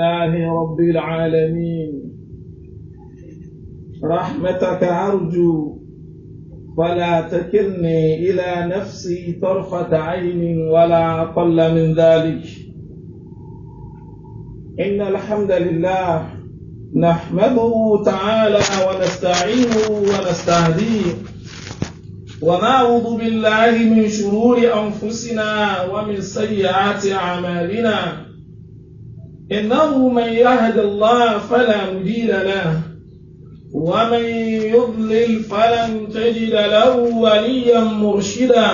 لله رب العالمين رحمتك أرجو فلا تكلني إلى نفسي طرفة عين ولا أقل من ذلك إن الحمد لله نحمده تعالى ونستعينه ونستهديه ونعوذ بالله من شرور أنفسنا ومن سيئات أعمالنا إنه من يهد الله فلا مضل له ومن يضلل فلن تجد له وليا مرشدا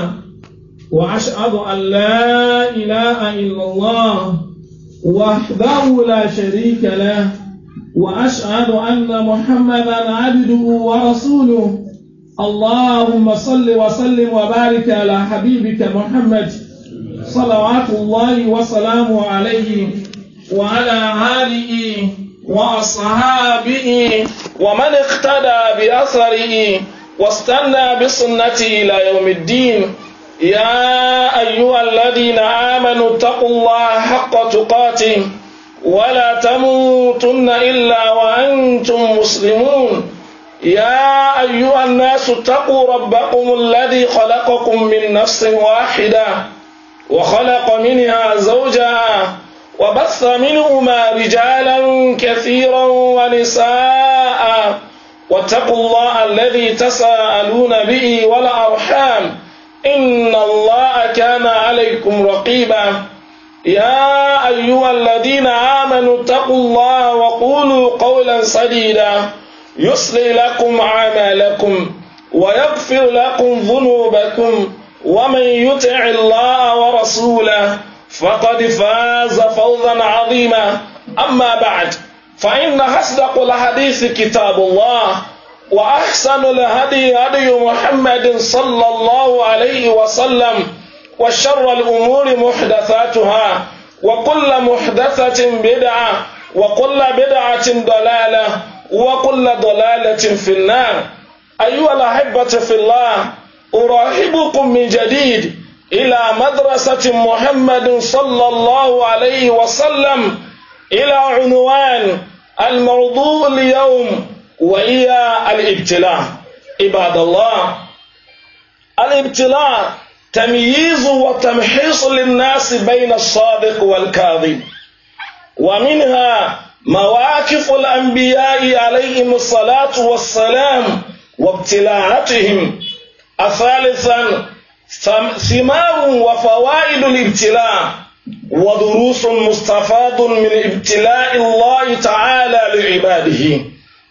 وأشهد أن لا إله إلا الله وحده لا شريك له وأشهد أن محمدا عبده ورسوله اللهم صل وسلم وبارك على حبيبك محمد صلوات الله وسلامه عليه وعلى آله وأصحابه ومن اقتدى بأثره واستنى بسنته إلى يوم الدين يا أيها الذين آمنوا اتقوا الله حق تقاته ولا تموتن إلا وأنتم مسلمون يا أيها الناس اتقوا ربكم الذي خلقكم من نفس واحدة وخلق منها زوجها وبص منهما رجالا كثيرا ونساء واتقوا الله الذي تساءلون به والأرحام إن الله كان عليكم رقيبا يا أيها الذين آمنوا اتقوا الله وقولوا قولا سديدا يصلي لكم عمالكم ويغفر لكم ذنوبكم ومن يطع الله ورسوله فقد فاز فوزا عظيما أما بعد فإن أصدق الحديث كتاب الله وأحسن الهدي هدي محمد صلى الله عليه وسلم وشر الأمور محدثاتها وكل محدثة بدعة وكل بدعة ضلالة وكل ضلالة في النار أيها الأحبة في الله أرحبكم من جديد إلى مدرسة محمد صلى الله عليه وسلم إلى عنوان الموضوع اليوم وهي الابتلاء عباد الله الابتلاء تمييز وتمحيص للناس بين الصادق والكاذب ومنها مواقف الأنبياء عليهم الصلاة والسلام وابتلاعتهم أثالثا ثمار وفوائد الابتلاء ودروس مستفاد من ابتلاء الله تعالى لعباده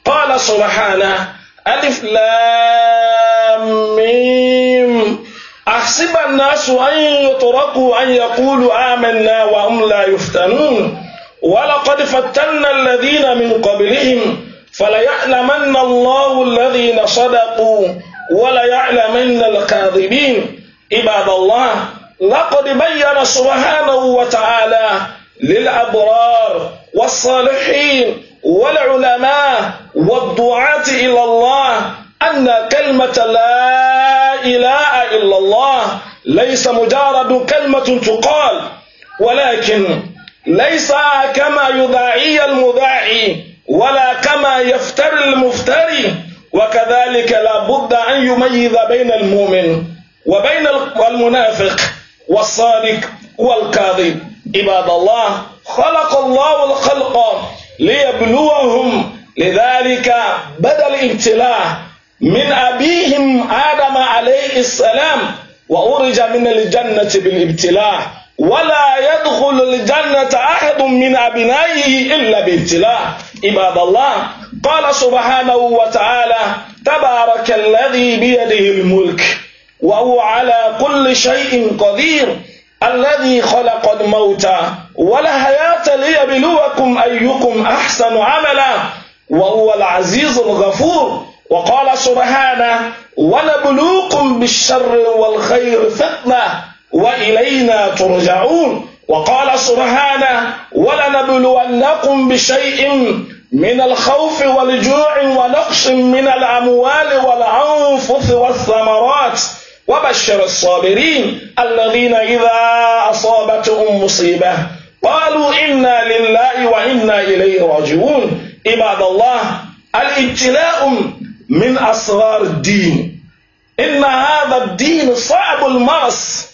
قال سبحانه ألف لام ميم أحسب الناس أن يتركوا أن يقولوا آمنا وهم لا يفتنون ولقد فتنا الذين من قبلهم فليعلمن الله الذين صدقوا وليعلمن الكاذبين عباد الله لقد بين سبحانه وتعالى للأبرار والصالحين والعلماء والدعاة إلى الله أن كلمة لا إله إلا الله ليس مجرد كلمة تقال ولكن ليس كما يدعي المدعي ولا كما يفتري المفتري وكذلك لا بد أن يميز بين المؤمن وبين المنافق والصادق والكاذب عباد الله خلق الله الخلق ليبلوهم لذلك بدا الابتلاء من أبيهم آدم عليه السلام وأرج من الجنة بالابتلاء ولا يدخل الجنة أحد من أبنائه إلا بابتلاء عباد الله قال سبحانه وتعالى تبارك الذي بيده الملك وهو على كل شيء قدير الذي خلق الموت والحياة ليبلوكم أيكم أحسن عملا وهو العزيز الغفور وقال سبحانه ونبلوكم بالشر والخير فتنة وإلينا ترجعون وقال سبحانه ولنبلونكم بشيء من الخوف والجوع ونقص من الأموال والأنفس والثمرات وبشر الصابرين الذين إذا أصابتهم مصيبة قالوا إنا لله وإنا إليه راجعون عباد الله الابتلاء من أسرار الدين إن هذا الدين صعب المرس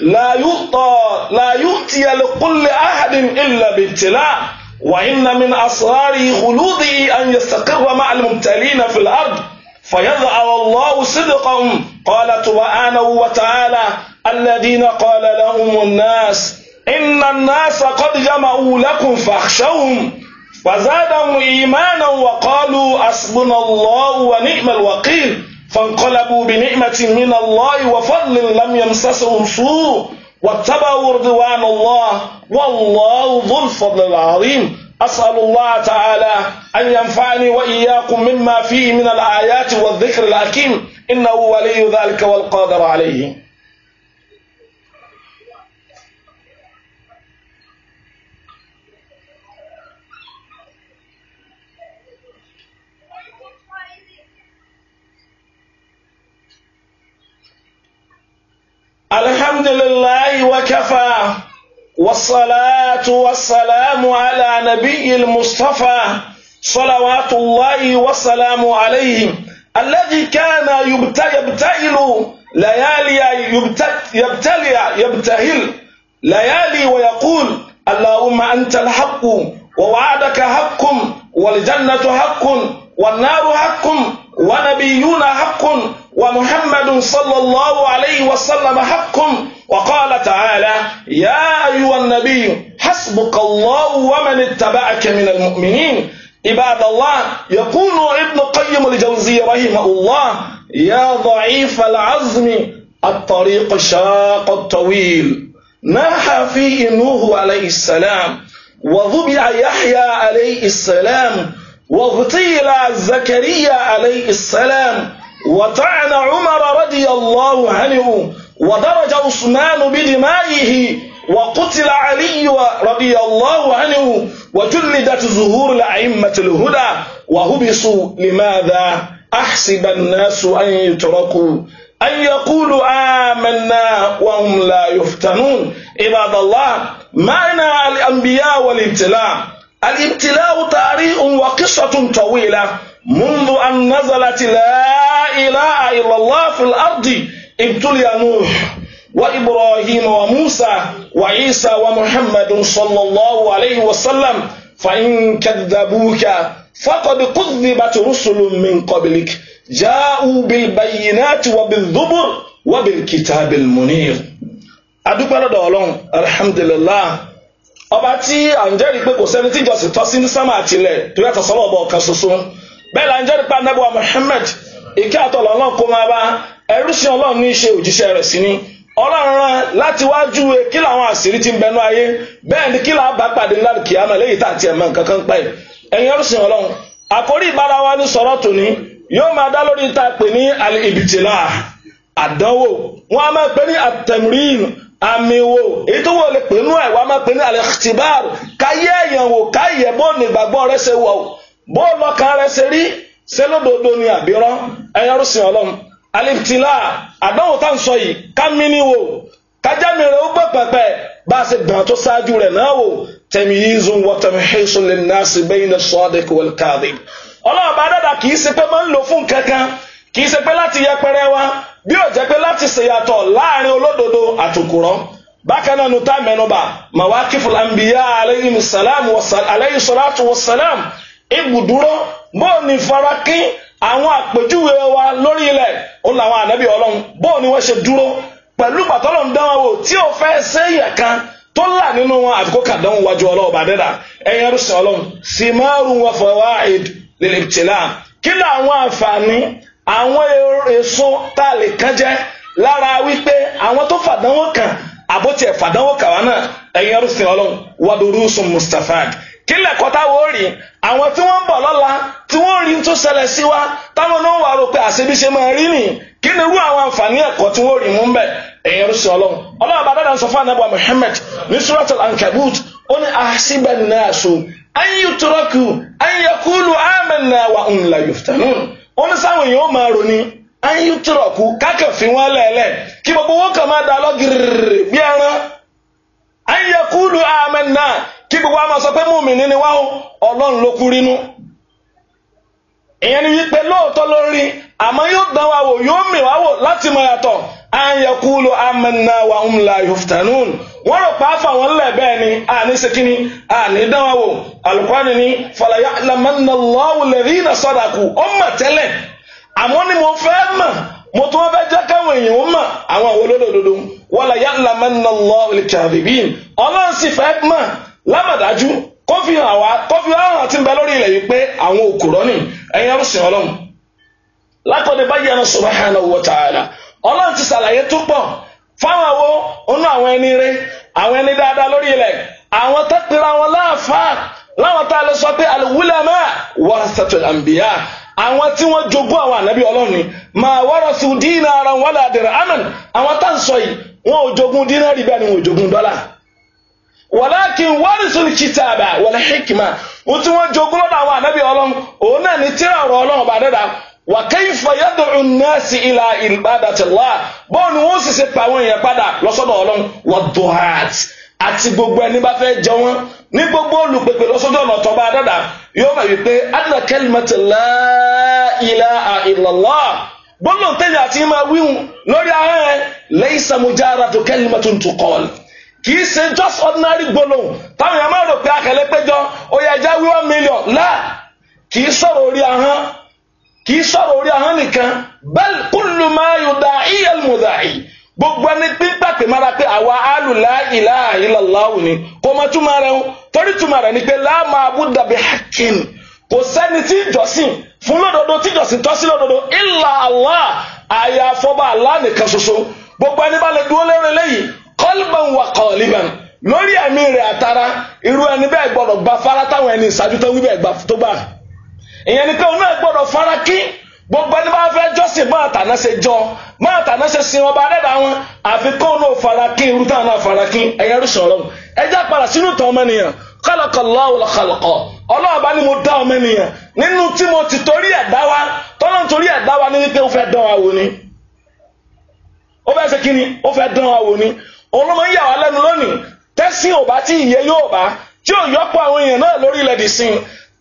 لا يؤتى لا يؤتي لكل أحد إلا بابتلاء وإن من أسراره خلوده أن يستقر مع المبتلين في الأرض فيظهر الله صدقهم قال سبحانه وتعالى الذين قال لهم الناس إن الناس قد جمعوا لكم فاخشوهم وزادهم إيمانا وقالوا أسبنا الله ونعم الوكيل فانقلبوا بنعمة من الله وفضل لم يمسسهم سوء واتبعوا رضوان الله والله ذو الفضل العظيم أسأل الله تعالى أن ينفعني وإياكم مما فيه من الآيات والذكر الحكيم إنه ولي ذلك والقادر عليه الحمد لله وكفى والصلاة والسلام على نبي المصطفى صلوات الله وسلامه عليه الذي كان يبتهل ليالي يبتلي يبتهل ليالي ويقول اللهم أنت الحق ووعدك حق والجنة حق والنار حق ونبينا حق ومحمد صلى الله عليه وسلم حق وقال تعالى يا أيها النبي حسبك الله ومن اتبعك من المؤمنين عباد الله يقول ابن قيم الجوزي رحمه الله يا ضعيف العزم الطريق الشاق الطويل نهى فيه نوح عليه السلام وضبع يحيى عليه السلام واغتيل زكريا عليه السلام وطعن عمر رضي الله عنه ودرج عثمان بدمائه وقتل علي رضي الله عنه وجلدت ظهور الأئمة الهدى وهبسوا لماذا أحسب الناس أن يتركوا أن يقولوا آمنا وهم لا يفتنون عباد الله معنى الأنبياء والابتلاء الابتلاء تاريخ وقصة طويلة منذ أن نزلت لا إله إلا الله في الأرض ابتلي نوح وإبراهيم وموسى وعيسى ومحمد صلى الله عليه وسلم فإن كذبوك فقد كذبت رسل من قبلك جاءوا بالبينات وبالذبر وبالكتاب المنير adúpẹ́ lọ́dọ̀ ọlọ́run alhamdulillah ọba tí à ń jẹ́rìí pé kò sẹ́ni tí ìjọsìn tọ́ sí ní sámà àtìlẹ̀ tó yàtọ̀ sọ́lọ́ ọba ọ̀kan ṣoṣo bẹ́ẹ̀ la ń jẹ́rìí pé anábọ̀ Muhammad ìkẹ́ àtọ̀lọ́ ọlọ́run kó máa bá ẹrú sí ọlọ́run ní í ṣe òjíṣẹ́ rẹ̀ sí ni ọlọ́run rán láti wá júwe kí làwọn àṣírí ti ń bẹnu ayé bẹ́ẹ̀ ni kí làá bá pàdé ńlá kìámà léyìí tá àti ẹ̀mọ nǹkan kan pa ẹ̀ ẹ̀yin ọ̀rùsìn ọlọ́run àkórí ìbára wa ní sọ̀rọ̀ tòní yóò máa dá lórí ta pè ní ìbìtìlá àdánwò wọn a máa pè ní àtẹmírìn àmì èyí tó wọ lè pè nú ẹ̀ wọn a máa pè ní àlẹ́kìtìbáàr káyé ẹ̀yàn wò káyé bó nígbàgbọ́ alìtìlá àdánwò tá ń sọ yìí ká mímí wò kájámi rẹ̀ ó gbọ́ pẹ̀pẹ̀ bá a ṣe gbọ̀n tó ṣáájú rẹ̀ náà wò tẹ̀mí yìí zun wọ tẹ̀mí hẹ́sùn lè ná sí bẹ́yìn náà sọ́ọ́dẹ́kù wọ́n káàdé. ọlọ́run bá dàda kì í ṣe pé máa ń lò fún kankan kì í ṣe pé láti yẹpẹrẹ wa bí ó jẹ́ pé láti ṣèyàtọ̀ láàrin olódodo àtòkùrọ́ bákan náà nu tá mẹ́nubà màwákìfù làǹbíyá alayhi salatu wassalam ibùdúró bóò farakín àwọn àpèjúwe wa lórí ilẹ̀ ó làwọn ànábì ọlọ́run bóò ni wọ́n ṣe dúró pẹ̀lú pàtọ́lọ̀ ń dánwò tí ò fẹ́ séèyàn kan tó là nínú wọn àfikún kàdánwò wájú ọlọ́run bá dẹ́dà ẹ̀yìn ẹrúsìn ọlọ́run sì máa rú wọn fọwọ́ ìlẹ̀lẹ̀tìlá kí ni àwọn àǹfààní àwọn èso tá a lè kán jẹ lára wípé àwọn tó fàdánwò kan àbótiẹ̀ fàdánwò kàwá náà ẹ̀yìn ẹrúsìn ọlọ́run wàdúrú sùn mustafad kí lẹ́kọ̀ọ́ táwọn ò rí àwọn tí wọ́n ń bọ̀ lọ́la tí wọ́n rí tó ṣẹlẹ̀ sí wa táwọn náà wà rò pé àṣebí ṣe máa rí nìyí kí ni irú àwọn àǹfààní ẹ̀kọ́ tí wọ́n rí mú bẹ̀ ẹ̀yìn rúṣì ọlọ́run ọlọ́run bá dáadáa sọ fún anábọ̀ Muhammad ní surat al-ankabut ó ní ahasiba an-nasu an yutraku an yaqulu amanna wa hum la yuftanun ó ní sáwọn èèyàn máa rò ní an yutraku kákẹ́ fi wọ́n lẹ́lẹ̀ kí gbogbo àmọ́ sọ pé mùmìnì ni wá ọlọ́run ló kú rínú ìyẹn ni wípé lóòótọ́ ló rí àmọ́ yóò dán wa wò yóò mì wá wò láti mọ yàtọ̀ ayakulu amanna wa umla yuftanun wọ́n rò pàápàá wọn lẹ̀ bẹ́ẹ̀ ni àní sekini àní dán wa wò alukwani ni falaya lamanna Allahu alladhina sadaku ó mà tẹ́lẹ̀ àmọ́ ni mo fẹ́ mà mo tún wọn fẹ́ jẹ́ káwọn èèyàn ó mà àwọn àwọn olódodo wala ya'lamanna Allahu alkadhibin ọlọ́run sì lámàdájú kó fi hàn wá kó fi hàn àti ń bẹ lórí ilẹ̀ yìí pé àwọn òkúrọ́ ni ẹ̀yin arúsìn ọlọ́run lákọ̀dé báyìí ẹran subhanahu wa ta'ala ọlọ́run ti ṣàlàyé tó pọ̀ fáwọn àwo onú àwọn ẹni rẹ àwọn ẹni dáadáa lórí ilẹ̀ àwọn tẹ́pẹ́ra wọn láàfáà láwọn tá a lè sọ pé al-ulama warasatul anbiya àwọn tí wọ́n jogún àwọn ànábì ọlọ́run ni máa wọ́rọ̀ sí dínà ara wọn ládìrẹ́ amẹ́n àwọn tá à ń sọ yìí wọn ò jogún dínà rí bẹ́ẹ̀ ni wọn ò jogún dọ́là wàlákin warisul kitaba wal hikma wọ́n tí wọ́n jogún lọ́dọ̀ àwọn ànábì ọlọ́run òun náà ní tíra ọ̀rọ̀ ọlọ́run ọba dẹ́dà wà kẹ́yìfà yàdùrù nẹ́ẹ̀sì ilà ìbádàtìlá bọ́ọ̀nù wọ́n sì ṣe pa àwọn èèyàn padà lọ́sọ́dọ̀ ọlọ́run wà dùhàt àti gbogbo ẹni bá fẹ́ jẹ wọn ní gbogbo olùpèpè lọ́sọ́dọ̀ ọ̀nà tọ́ba dẹ́dà yóò mọ̀ wípé adìrẹ kẹlìmẹtì láìlà àìlọ́lá bọ́ọ̀nù tẹ́lẹ̀ àti ìmọ̀ wíwù lórí ahọ́n lẹ́yìn sàmújára tó kẹlìmẹtì tó kọ́ọ̀lù kì ṣe just ordinary gbólóhùn táwọn èèyàn máa rò pé akẹlẹ péjọ ó yẹ ẹja wí one million láà kì í orí ahọ́n kì í orí ahọ́n nìkan bal kullu ma yuda'i al-muda'i gbogbo ẹni pípa pè mára pé àwa alu la ilaha illallah ni kò mọ túmọ̀ rẹ̀ o torí túmọ̀ rẹ̀ ni pé la ma'buda bi haqqin kò sẹ́ni tí ìjọsìn fún lódodo tí ìjọsìn tọ́ sí lódodo illa Allah àyàfọ́ba Allah nìkan ṣoṣo gbogbo ẹni bá lè dúró lérè kọ́lbọ̀n wà kọ́ọ̀líbàn lórí ẹ̀mí rẹ̀ àtara irú ẹni bẹ́ẹ̀ gbọ́dọ̀ gba fara táwọn ẹni ìṣáájú tó wí bẹ́ẹ̀ gbà tó gbà ìyẹn ni pé òun náà gbọ́dọ̀ fara kí gbogbo ẹni bá fẹ́ jọ́sìn máa tàná ṣe jọ máa tàná ṣe sin ọba rẹ́dà wọn àfi kó náà fara kí irú táwọn náà fara kí ẹ̀yẹ rú sọ̀rọ̀ ẹjá padà sínú tàn ọmọ nìyẹn kọ́lọ̀kọ̀lọ́ ọ̀lọ̀kọ̀lọ̀kọ̀ ọlọ́run bá ní mo dá ọmọ nìyẹn nínú tí mo ti torí ẹ̀ dá wa tọ́lọ́ torí ẹ̀ dá wa ní wípé ó fẹ́ dán wa wò ni ó fẹ́ ṣe kí ni ó fẹ́ dán wa wò ni olómọ ń yà wá lẹ́nu lónìí tẹ́sí ò bá tí ìyẹ yóò bá tí ò yọpọ̀ àwọn èèyàn náà lórí ilẹ̀ dì sin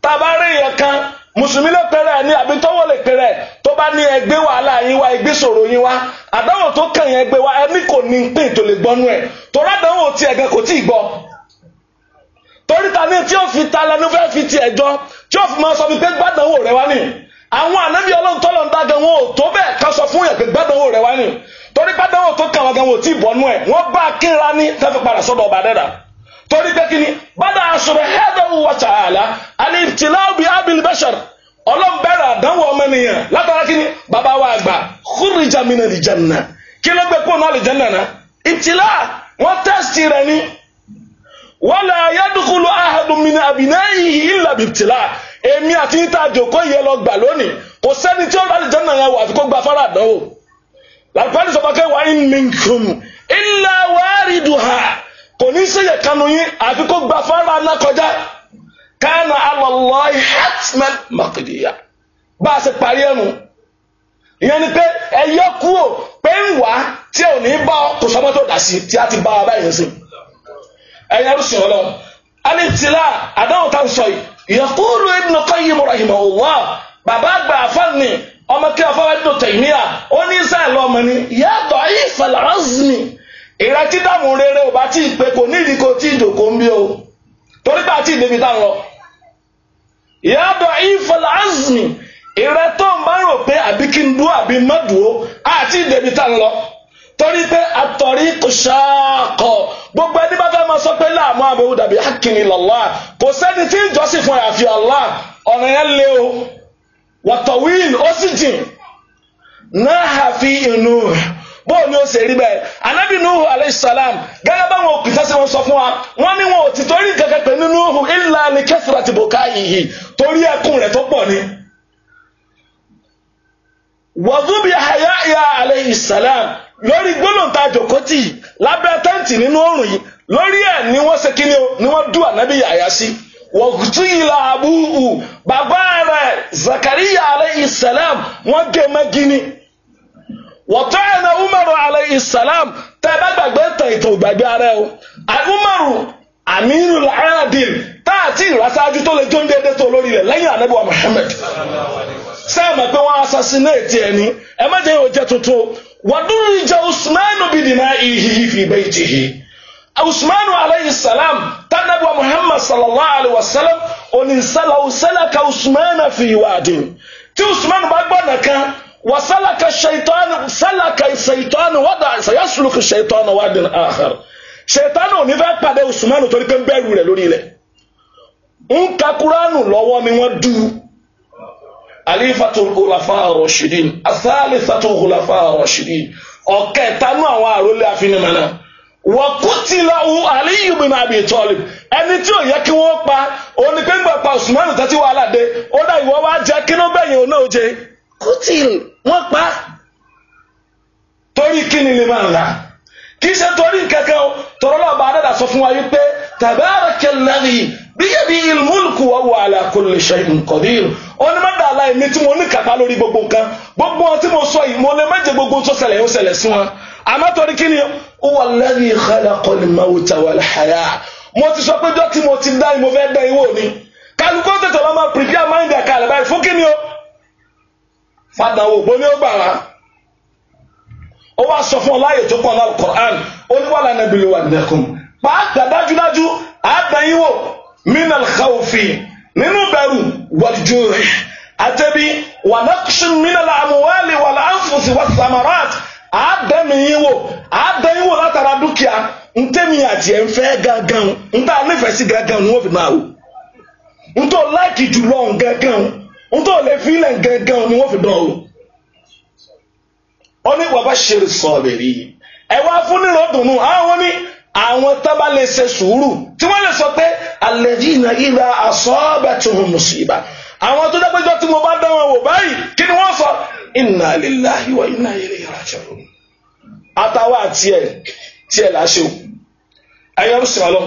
tàbá rí èèyàn kan mùsùlùmí ló pẹrẹ ní àbí tọwọ́ lè pẹrẹ tó bá ní ẹ gbé wàhálà yín wá ẹ gbé ṣòro yín wá àdánwò tó kàn yẹn gbé wá ẹni kò ní pé ètò lè gbọ́nú ẹ̀ torí àdánwò tí ẹ̀gàn kò tí ì gbọ́ torí ní tí ó fi ta lẹnu fẹ́ fi ti ẹ̀jọ́ tí ó fi máa sọ mi pé gbádùnwò rẹ wá nì àwọn ànábì ọlọ́run tọ́lọ́ ń dágan wọn ò tó bẹ́ẹ̀ ká sọ fún yàn pé gbádùnwò rẹ wá nì gan wò tí bọ́nú ẹ̀ wọ́n bá kíra ní tẹ́fẹ́ padà sọ́dọ̀ ọba dẹ́dà torí pé kí ni bàdà àṣọrọ hẹ́dọ̀ wà tààlà àní ìtìlá òbí abil bashar ọlọ́mbẹ́rẹ̀ àdánwò ọmọnìyàn látara kí ni bàbá wa àgbà kúrìjà jamina di lè jẹ nà kí ló gbé kóònù àlè jẹ nànà ìtìlá wọn tẹ́sítì rẹ ni wọn lè ayédùkúlù ahàdùnmínà àbínáyì ìlàbí ìtìlá èmi àti níta àjòkó yẹ lọ gbà lónìí kò sẹ́ni tí ó lọ àlè jẹ nànà wà àfikún gba fara àdánwò làkùránì sọ pé wà ń minkum illa wariduha kò ní sẹ́yẹ̀ kanu yín àfi kó gba fara ná kọjá kana ala Allahi hatman maqdiya bá a ṣe parí ẹnu ìyẹn ni pé ẹyọ kúrò pé ń wá tí ò ní bá kò sọmọ tó dà sí tí a ti bá a báyìí sí ẹyẹ rú sùn Ọlọ́run alìtìlá àdáwò tá ń sọ yìí yaqulu Ibn Qayyim rahimahullah bàbá àgbà àfáàní ọmọ kí afọwọ́ ẹ̀dùn tẹ̀míà ó ní sẹ́ẹ̀lì ọmọ ni yàtọ̀ ayé ìfẹ̀lẹ́rọ́sìmì ìrètí dààmú rere ò bá tí ì pé kò ní ìdíkò tí ìjòkó ń bí o torí pé àti ìdèbí tá ń lọ. yàtọ̀ ayé ìfẹ̀lẹ́rọ́sìmì ìrètọ́ ń bá rò pé àbí kí n dúró àbí má dúró àti ìdèbí tá ń lọ torí pé àtọ̀rí kò ṣáàkọ̀ gbogbo ẹni bá fẹ́ máa sọ pé láàmú àbẹ̀wò dàbí hakini lọ́lá kò sẹ́ni tí ń jọ́sìn fún àyàfi Allah ọ̀nà yẹn lé o wọ̀tọ̀wíìn ó sì jìn náà àfi inú bóòlù ó ṣe rí bẹ́ẹ̀ anábì nuhu aleyhisalaam gẹ́gẹ́ báwọn òkúta ṣe wọ́n sọ fún wa wọ́n ní wọn ò ti torí kankan pé nínú nuhu illa ní kẹsìrà ti bò ká yìí torí ẹkún rẹ̀ tó pọ̀ ni. wàzúbi àyà ìyá aleyhisalaam lórí gbólóǹta jòkótì lábẹ́ tẹ́ǹtì nínú òrùn yìí lórí ẹ̀ ni wọ́n ṣe kí ni wọ́n dú ànábì yàyà sí. Si wọ̀kùtìlà àbúhù bàbá rẹ̀ zakariya alayhi salam wọ́n gé mẹ́gí ni wọ̀tọ́ ẹ̀nà umaru alayhi salam tẹ́ bá gbàgbé tàn ìtàn ìgbàgbé ara ẹ̀ o umaru aminu al-adil táàtì ìrásáájú tó lè jó ń tó lórí rẹ̀ lẹ́yìn anábíwá muhammad sẹ́ẹ̀mọ̀ pé wọ́n assassinate ẹni ẹ má jẹ́ yóò jẹ́ tuntun wàdúrú ìjà usman bìdìnnà ìhìhì fi baytihi usman alayhi salam tanabuwa muhammad sallallahu alayhi wa sallam oninsala usalaka usman fi wadin tí usman bá gbọ́nà kan wasalaka shaitan salaka shaitan wada sayasuluku shaitan wadin akhar shaitan ò ní fẹ́ pàdé usman torí pé ń bẹ̀rù rẹ̀ lórí ilẹ̀ ń ka kuranu lọ́wọ́ ni wọ́n dú alifatul khulafa ar-rashidin athalithatul khulafa rashidin ọ̀kẹ́ta nú àwọn àrólé àfinimọ̀nà wọ́kútìláwù aliyu bin abi tọ́lib ẹni tí ò yẹ kí wọ́n pa òní pé ń gbà pa usman tẹ́tí wàhálà dé ó dá ìwọ́ wá jẹ́ kí ló bẹ̀yìn òun náà jẹ kútìl wọ́n pa torí kí ni lè máa ń ra kì í ṣe torí kankan o tọrọ náà bá sọ fún wa yìí pé tabaraka alladhi biyadihi almulku wa huwa ala kulli shay'in qadir onímọ̀dà aláìní tí mo ní kàtà lórí gbogbo nǹkan gbogbo wọn mo sọ yìí mo lè má jẹ gbogbo àmọ́ torí kí ni ó wà lẹ́yìn ìkọlẹ́kọ ni máa wò tàwọn àlàyé mo ti sọ pé dọ́tí mo ti dá ìmọ̀ fẹ́ dán ìwò ni kálukú tètè lọ́mọ pìrìbíà máa ń dà kalẹ̀ báyìí fún kí ni o fàdánwò bó ni ó gbà wá ó wá sọ fún ọ láàyè tó pọ̀ náà Qur'an ó ní wàhálà wà nìkan pàápàá dájúdájú àdáyíwò minal khawfi nínú bẹ̀rù wàlìjúrì àtẹ̀bí wàlẹ́kùsùn minal A yín wò àádẹ́yìn wò látara dúkìá ntẹ́mi àjẹ́ ń fẹ́ gangan ntẹ́ anífẹ́ sí gangan ni wọ́n fi máa wò ntọ́ láìkì jùlọ gangan ntọ́ lè fi ilẹ̀ gangan ni wọ́n fi dán wò. ó ní bàbá ṣeré sọ̀rọ̀ rí i ẹ wá fún nírò dùnú àwọn ní àwọn tábà lè ṣe sùúrù tí wọ́n lè sọ pé àlẹ́jì iná ìlà àsọ́ọ́bẹ̀ tó hùn mùsíbà àwọn tó dápẹ́jọ́ tí mo bá dán wọn wò báyìí kí ni wọ́n sọ inna lillahi wa inna ilayhi raji'un àtàwọn àti ẹ̀ tí ẹ̀ láṣẹ o ẹ̀yọ́ sọ̀rọ̀ lọ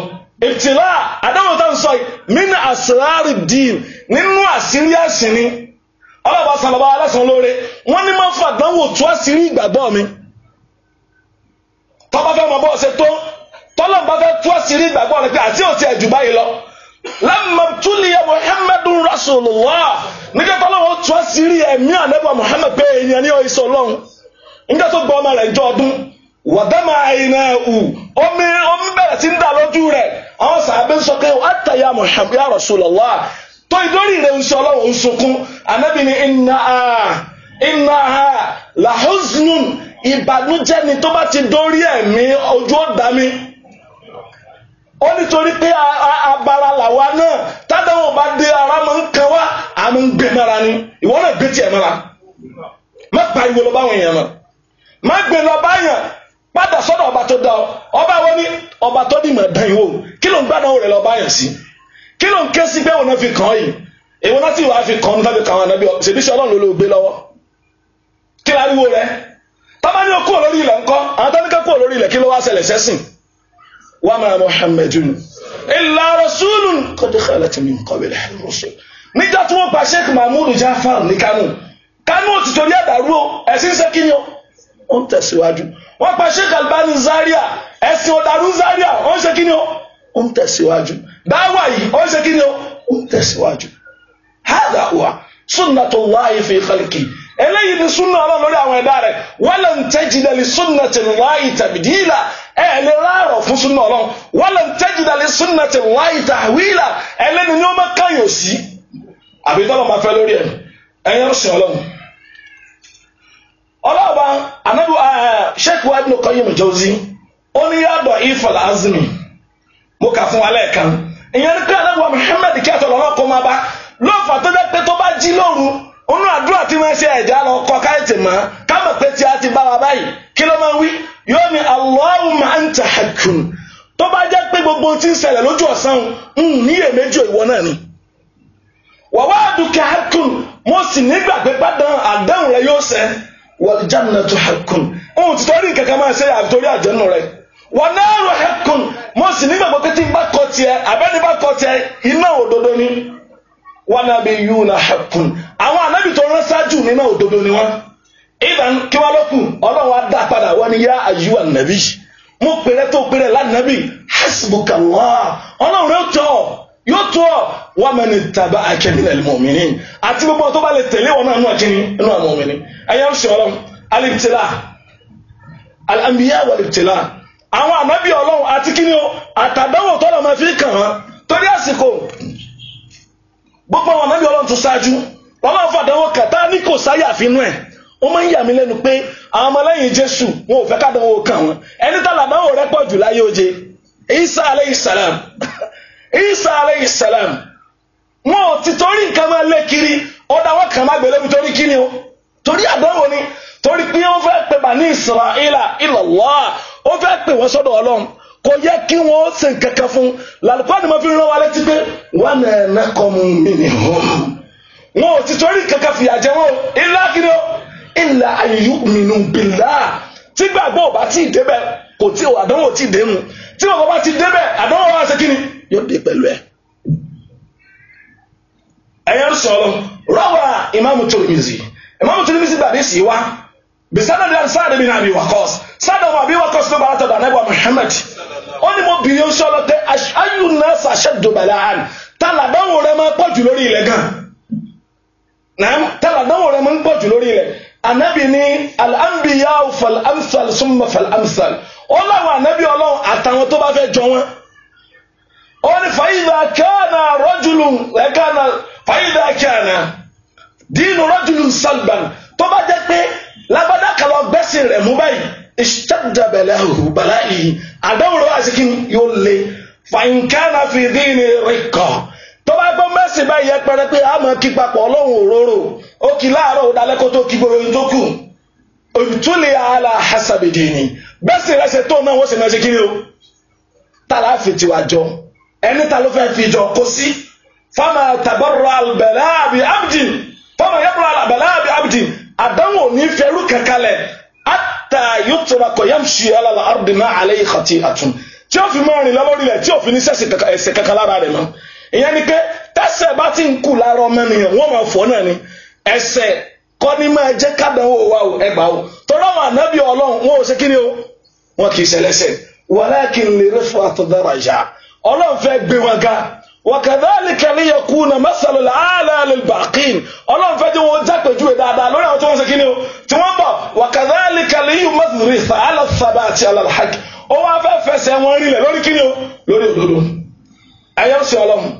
ìtìlá àdáwọn tó ń sọ yìí min asrari din nínú àṣírí ẹ̀sìn ni ọlọ́ba sàlọ́ba aláṣọ lóore wọ́n ní máa ń fàdánwò tó àṣírí ìgbàgbọ́ mi tọ́ba fẹ́ mọ bọ́ọ̀ ṣe tó tọ́lọ́ bá fẹ́ tó àṣírí ìgbàgbọ́ rẹ pé àti òtí ẹ̀jú báyìí lọ rasulullah nígbà tó lọ́wọ́ tún àṣírí ẹ̀mí ànẹ́bà muhammed ni èèyàn ní ọ̀ìsọ̀ ọlọ́run nígbà tó gba ọmọ rẹ̀ jọ ọdún wàdámà àìnà ẹ̀hù omi omi bẹ̀rẹ̀ sí ń dà lójú rẹ̀ àwọn sàbẹ̀ ń sọ pé àtàyà muhammed ya rasulullah tó ìdórí rẹ̀ ń sọ ọlọ́run ń sunkún ànẹ́bì ni iná a iná a làhùznùn ìbànújẹ́ ni tó bá ti dórí ẹ̀mí ojú ó ó nítorí pé abala làwa náà tádàwọn bá dé ara máa ń kan wá a máa ń gbé mọ́ra ni ìwọ náà gbé tiẹ̀ mọ́ra má pariwo lọ báwọn èèyàn náà má gbé lọ báyàn padà sọ́dọ̀ ọba tó dá ọ ọba wo ni ọba tó dìmọ̀ dán ìwò kí ló ń gbádùn rẹ lọ báyàn sí kí ló ń ké sí pé òun náà fi kàn ọ́ yìí èwo náà sì wàá fi kàn ọ́ nípa àwọn ànábì ṣèbí sọ ọlọ́run ló gbé lọ́wọ́ kí wa ma muhammadun illa rasulun qad khalat min qablihi rusul níjọ́ tí wọ́n pa sheikh mahmood jafar ní kánò kánò ti torí àdàrú o ẹ̀sìn ṣe kí ni o ó ń tẹ̀síwájú wọ́n pa sheikh albani zaria ẹ̀sìn ọ̀dàrú zaria ó ń ṣe ó ń tẹ̀síwájú dáwà yìí ó ń ṣe ó ń tẹ̀síwájú hádà wà sunnatullahi fi khalqi eléyìí ni súnà ọlọ́run lórí àwọn ẹ̀dá rẹ̀ wọ́lẹ̀ ń tẹ́jìdẹ̀lì súnà tì láì tàbídìlà ẹ̀ lè láàrọ̀ fún súnà ọlọ́run wọ́lẹ̀ ń tẹ́jìdẹ̀lì súnà tì láì tàwílà ẹlẹ́ni ni ó máa káyọ̀ sí àbí tọ́lọ̀ máa fẹ́ lórí ẹ̀ ẹ̀yẹ́ ń sìn ọlọ́run. ọlọ́ọ̀bá anábì sheikh wa ibn Qayyim Jawzi ó ní yàtọ̀ ifal azmi mo kà fún wa lẹ́ẹ̀kan ìyẹn ní pé anábì wa Kama ká a ti bára báyìí kí ló máa ń wí yóò ní gbogbo ohun ń ṣẹlẹ̀ lójú ọ̀sán ń ní èméjì ìwọ náà ni wàwá àdùkẹ́ mo sì nígbà pé pàdán àdáhùn rẹ yóò ṣẹ wal ohun tí torí kankan máa ṣe àtòrí àjẹnù rẹ wọn náà rọ mo sì nígbà pé tí bá kọ tiẹ ni náà bí àwọn tó rán ṣáájú ìbàn kí wọ́n lọ́kù ọlọ́run á dá padà wọ́n ní yá àyíwá nàbí mo pèrè tó pèrè lánàbí hasbukallah ọlọ́run yóò tọ́ yóò tọ́ wọ́n mẹ́ni tàbá akẹ́mílẹ̀ mọ̀mìnì àti gbogbo tó bá lè tẹ̀lé wọn náà nù àkíní nù àmọ̀mìnì ẹ̀yà ń sọ̀rọ̀ alìbìtìlá alàmìyá wàlìbìtìlá àwọn ànábì ọlọ́run àti kíní o àtàdánwò tọ́lọ̀ máa fi kàn án torí àsìkò gbogbo àwọn ànábì ọlọ́run tó ṣáájú wọ́n fàdánwò kàtá ní kò sáyà fínú ẹ̀ ó máa ń yà mí lẹ́nu pé àwọn ọmọlẹ́yìn jésù wọn ò fẹ́ kádánwò kàn wọ́n ẹni tàlàdánwò rẹ pọ̀ láyé oje isa aleyhi salam isa aleyhi salam wọn ò ti torí nǹkan máa lé kiri ó dáwọ́ kàn má gbélé mi torí kí ni o torí àdánwò ni torí pé ó fẹ́ pè bà ní israẹla ilallah ó fẹ́ pè wọ́n sọ́dọ̀ ọlọ́run kò yẹ kí wọ́n ṣe nǹkan kan fún làlùkọ́ ni mo fi rán wa létí pé wọn nà ẹ̀ nàkọ́ mu mi nìhùn wọn ò ti torí kankan fìyà jẹ wọn o kiri o ìlà àyù mìíràn bìlá tí gbàgbọ́ ò bá tí ì débẹ̀ kò tí ò àdánwò tí ì dénú tí ò bá ti débẹ̀ àdánwò wá sí kíni yóò dé pẹ̀lú ẹ̀. ẹ̀yẹ́ ń sọ̀rọ̀ rọ́wà ìmáàmù Tirmidhi ìmáàmù Tirmidhi gbàdí sí wa bisanadi ansaadi bin abi wakos sada wa abi wakos ló bàa tọ̀dọ̀ anagba Muhammad ó ní mo bìrì ń sọ̀rọ̀ pé ayu nas ashaddu bala'an tala dánwò rẹ máa pọ̀ jù lórí ilẹ̀ tala dánwò rẹ máa ń pọ̀ jù anabi ní al-anbiya fal-amsal summa fal-amsal ó láwọn anabi ọlọ́run àtàwọn tó bá fẹ́ jọ wọn. ó ní fàyídà kana rajulun kana fàyídà kana dínú rajulun salban tó bá jẹ́ pé lágbádá kan lọ gbẹ́sìn mú báyìí ishtadda bala'uhu bala'i àdáwòrán àti kí yóò le fa kana fi dini riqqa tó bá gbọ́ mẹ́sìn báyìí yẹ pẹrẹ pé a máa kí papọ̀ ọlọ́run òróró ó kí láàárọ̀ ó dalẹ́ kó tó kí gbogbo ohun tó kù òtúlẹ̀ àlà hasabidi ni bẹ́sìn rẹ ṣe tó náà wọ́n sì máa ṣe kí ni o tá a láfi tiwa jọ ẹni ta ló fẹ́ fi jọ kó sí fama tabarra albẹ̀lẹ́ àbí abdi fama yabra albẹ̀lẹ́ àbí abdi àdánwò ní fẹ́rù kankalẹ̀ àtà yóò tóra kọ̀ yamshi ala al-ardi ma alayhi khati'atun tí ó fi máa rìn lọ́wọ́ rí rẹ̀ tí ó fi ní sẹ́sẹ̀ kankan lára rẹ̀ náà ìyẹn ni pé tẹ́sẹ̀ bá ti ń kù lára ọmọnìyàn wọ́n máa fọ́ náà ni ẹsẹ̀ kọ́ ni máa jẹ́ kádàwó wa o ẹgbà o tọ́lá wọn ànábì ọlọ́run wọn ò ṣe kí ni o wọn kì í ṣẹlẹ́sẹ̀ walakin li rif'at daraja ọlọ́run fẹ́ gbé wọn ga wakadhalika liyakuna masalul ala lil baqin ọlọ́run fẹ́ tí wọ́n jápèjúwe dáadáa lórí àwọn tí wọ́n ṣe kí o tí wọ́n bọ̀ wakadhalika liyumathritha ala thabati ala al-haqq ó wá fẹ́ fẹsẹ̀ wọn rinlẹ̀ lórí kí o lórí òdodo ayọ́sẹ̀ ọlọ́run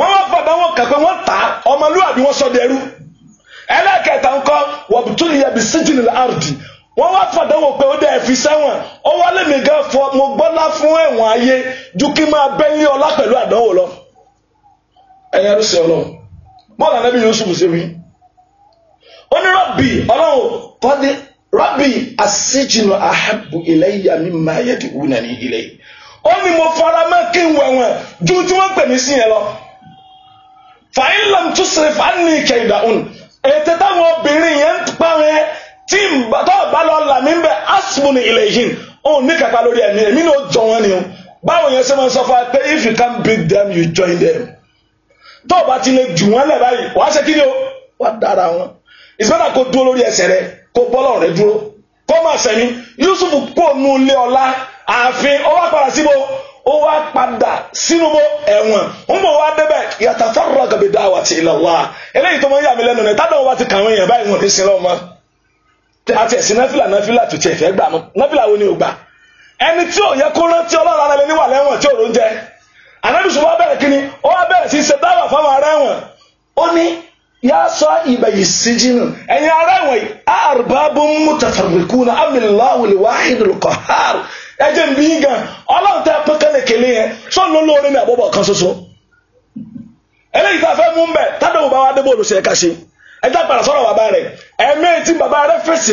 wọ́n wá bàbá wọn kàn pé wọ́n tà á ọmọlúwàbí wọ́n sọ dẹrú ẹlẹ́kẹta ńkọ́ wọ̀bùtún ìyẹn bí síjìnì àrùtì wọ́n wá fàdánwò pé ó dẹ́ ẹ̀fí sẹ́wọ̀n ó wá lèmi gan fọ mo fún ẹ̀wọ̀n ayé ju kí máa bẹ́ ní ọlá pẹ̀lú àdánwò lọ ẹ̀yẹ ló ṣe ọlọ́run bọ́ọ̀lù anábì Yusuf wí ó ní ní fàílàm túsìrì fàánì kẹ̀dàún ètè táwọn obìnrin yẹn ń pa wọn tí tó bá lọ là mí bẹ asmuni ilayhin òun ní kápá lórí ẹ̀mí èmi ní ó jọ wọn ni o báwo yẹn ṣe máa sọ fún wa pé if you can beat them you join them tó o bá ti lè jù wọn lẹ̀ báyìí wàá ṣe kí ni o wàá dára wọn ìsìmọ́tà kó dúró lórí ẹsẹ̀ rẹ kó bọ́lọ̀ rẹ dúró kó má sẹ́ni Yusuf kó nu ilé ọlá ààfin ó wá padà síbo ó wá padà sínú ẹ̀wọ̀n ń bọ̀ wá débẹ̀ yatafarraga bi da'wati ila Allah eléyìí tó ya yà mí lẹ́nu ní ti kàwé yẹn báyìí wọn ní sinlọ́ mọ́ àti ẹ̀sìn náfìlà náfìlà tó tiẹ̀ fẹ́ gbà mọ́ náfìlà wo ni ò gbà ẹni tí ò yẹ kó rántí ọlọ́run wà lẹ́wọ̀n wa bẹ̀rẹ̀ eje mgbe ị ga ọlọnta apụka na-ekele ihe ori na kan soso eléyìí tá a mú mbẹ tádọ̀ bàbá adébòlù ṣe sọrọ ṣe ẹja eme sọ̀rọ̀ bàbá rẹ ẹ̀mí tí bàbá rẹ̀ fèsì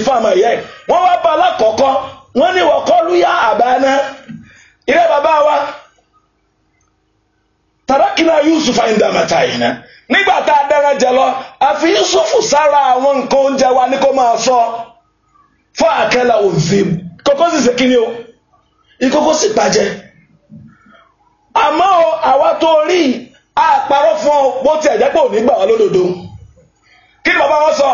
yẹ wá bá wa tàràkìnà yusuf àyìndàmàtà yìí ná nígbà tá a dáná jẹ lọ yusuf sára wa ní kó máa sọ fún àkẹlẹ ìkókó sì bàjẹ́ àmọ́ àwa tó rí àparọ́ fún ọ bó tiẹ̀ jẹ́ pé òní gbà wá lódodo kí ni bàbá wọn sọ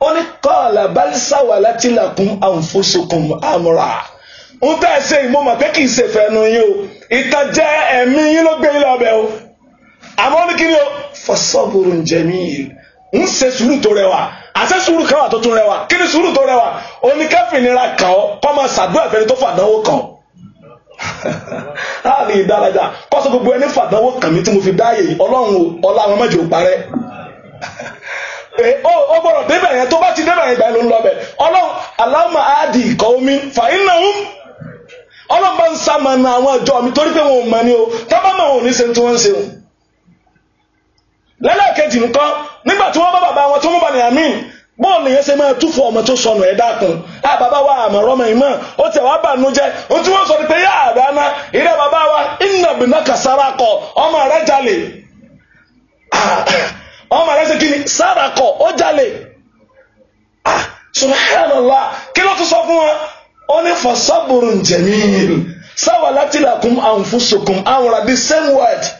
ó ní kọ́ọ̀lá bálísàwà láti làkún àǹfóṣokùn àmúra ń tẹ́ ẹ ṣe ìmọ̀ màpé kì í ṣe fẹ́nu yín o ìtànjẹ ẹ̀mí yín ló gbé yín lọ́bẹ̀ o àmọ́ ní kí ni o fọṣọ́bùrù ń jẹ mí yìí ń ṣe sùúrù tó rẹwà àṣẹ sùúrù kan wà tó tún rẹwà kí ni sùúrù tó rẹwà oníkẹ́fìnira kàn kọ́ máa ṣàdúrà fẹ́ni tó fàdánwò kàn ọ́ àmì ah, ìdáradà kọ́sọ́ gbogbo ẹni fàdánwò kàmí tí mo fi dáàyè ọlọ́run ọlá àwọn mẹ́jọ parẹ́ eh, o gbọ́dọ̀ yẹn tó bá ti débẹ̀ yẹn gbà ló ń lọ bẹ̀ ọlọ́run aláwọ̀mọ̀ omi ń bá ń na àwọn mi torí pé wọn ò o tábà wọn ò ní ṣe tí ń ṣe o bọọlụ ya ṣe ma túfọ̀ ọmọ tó sọnù ẹ̀ dákun á ah, bàbá wa àmọ̀rọ̀ ọmọ ìmọ̀ ó tẹ̀ wá bànú jẹ́ ohun tí wọ́n sọ ni pé yá àdáná ìrẹ́ bàbá wa ìnàbìnà kàsára kọ ọmọ rẹ̀ jalè ah, ọmọ rẹ̀ ṣe kí ni sára kọ ó jalè ah, subhanallah kí ló sọ fún wọn ó ní fasaburun the same word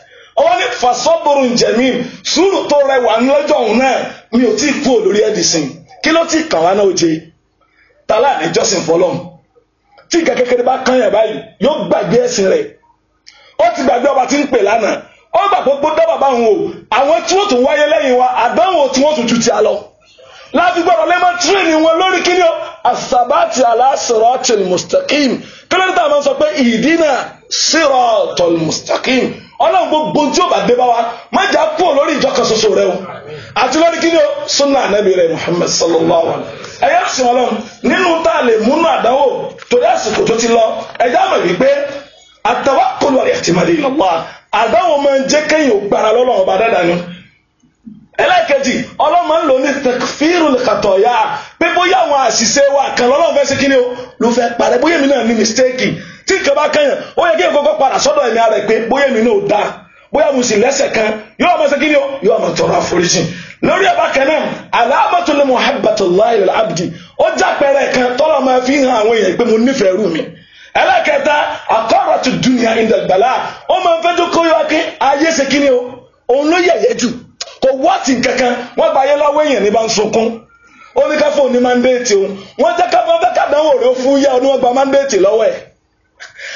mi ò tí ì kú olórí Edison kí ló ti kàn wá náà oje tálà ní jọ́sìn fọlọ́run tí ìka kékeré bá kàn yàn báyìí yóò gbàgbé ẹ̀sìn rẹ̀ ó ti gbàgbé ọba tí ń pè lánàá ó gbà gbogbo dábàá bá wọn o àwọn tí wọ́n tún wáyé lẹ́yìn wa àdánwò tí wọ́n tún ju ti a lọ láti gbọ́dọ̀ lẹ́mọ̀ tírìnì wọn lórí kíní o asabati alasiratil mustaqim kí ló dé tá a máa sọ pé ìdínà siratul mustaqim ọlọ́run gbogbo tí ó bá dé bá wa má jà kú ò lórí ìjọ kan ṣoṣo rẹ o àti lórí kí ni o sunna anabi rẹ muhammed sallallahu alayhi wa ẹ̀yà sùn ọlọ́run nínú tá a lè múnú àdánwò torí àsìkò tó ti lọ ẹ̀já mọ̀ wípé at-tawakkul wal i'timad ila Allah àdánwò máa ń jẹ́ kéèyàn ò gbára lọ́lọ́run ọba dáadáa ni ẹlẹ́ẹ̀kejì ọlọ́mọ ń lò ní tẹkfírù lẹ́kàtọ̀ọ́yà pé bóyá àwọn àṣìṣe wa kan lọ́lọ́run fẹ́ ṣe kí ni o ló fẹ́ parẹ́ bóyá èmi náà ní mistéèkì tí ìkàbá kẹyàn ó yẹ kí n kọ́kọ́ padà sọ́dọ̀ ẹ̀mí ara ẹ̀ pé bóyá mi náà dáa bóyá mo sì lẹ́sẹ̀ kan yóò máa ṣe kí ni ó yóò máa tọrọ àforíjì lórí ẹ̀bá kan náà aláàbàtúndé muhabbatullahi abdi ó jápẹrẹ kan tọ́lọ́ máa fi hàn àwọn èèyàn pé mo nífẹ̀ẹ́ rú mi ẹlẹ́kẹta àkọ́rọ̀tù dunya inda gbàlá ó máa ń fẹ́ tó kó ayé ṣe kí ni o òun ló yẹ̀yẹ́ jù kò wọ́ọ̀tì kankan wọ́n gba ayé èèyàn ní bá ń sunkún oníkàfọ́ òní máa ń jẹ́ ká fẹ́ ká dánwò fún yá oníwọ̀n gba máa lọ́wọ́ ẹ̀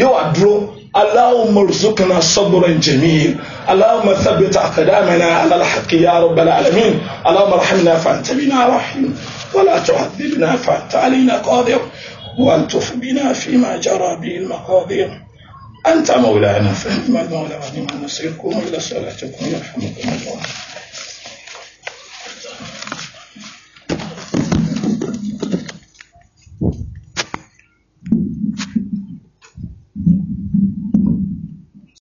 يو أدرو اللهم ارزقنا صبرا جميل اللهم ثبت اقدامنا على الحق يا رب العالمين اللهم ارحمنا فانت بنا رحيم ولا تعذبنا فانت علينا قادر والتف بنا فيما جرى به المقادير انت مولانا فأنت المولى ونعم النصير الى صلاتكم يرحمكم الله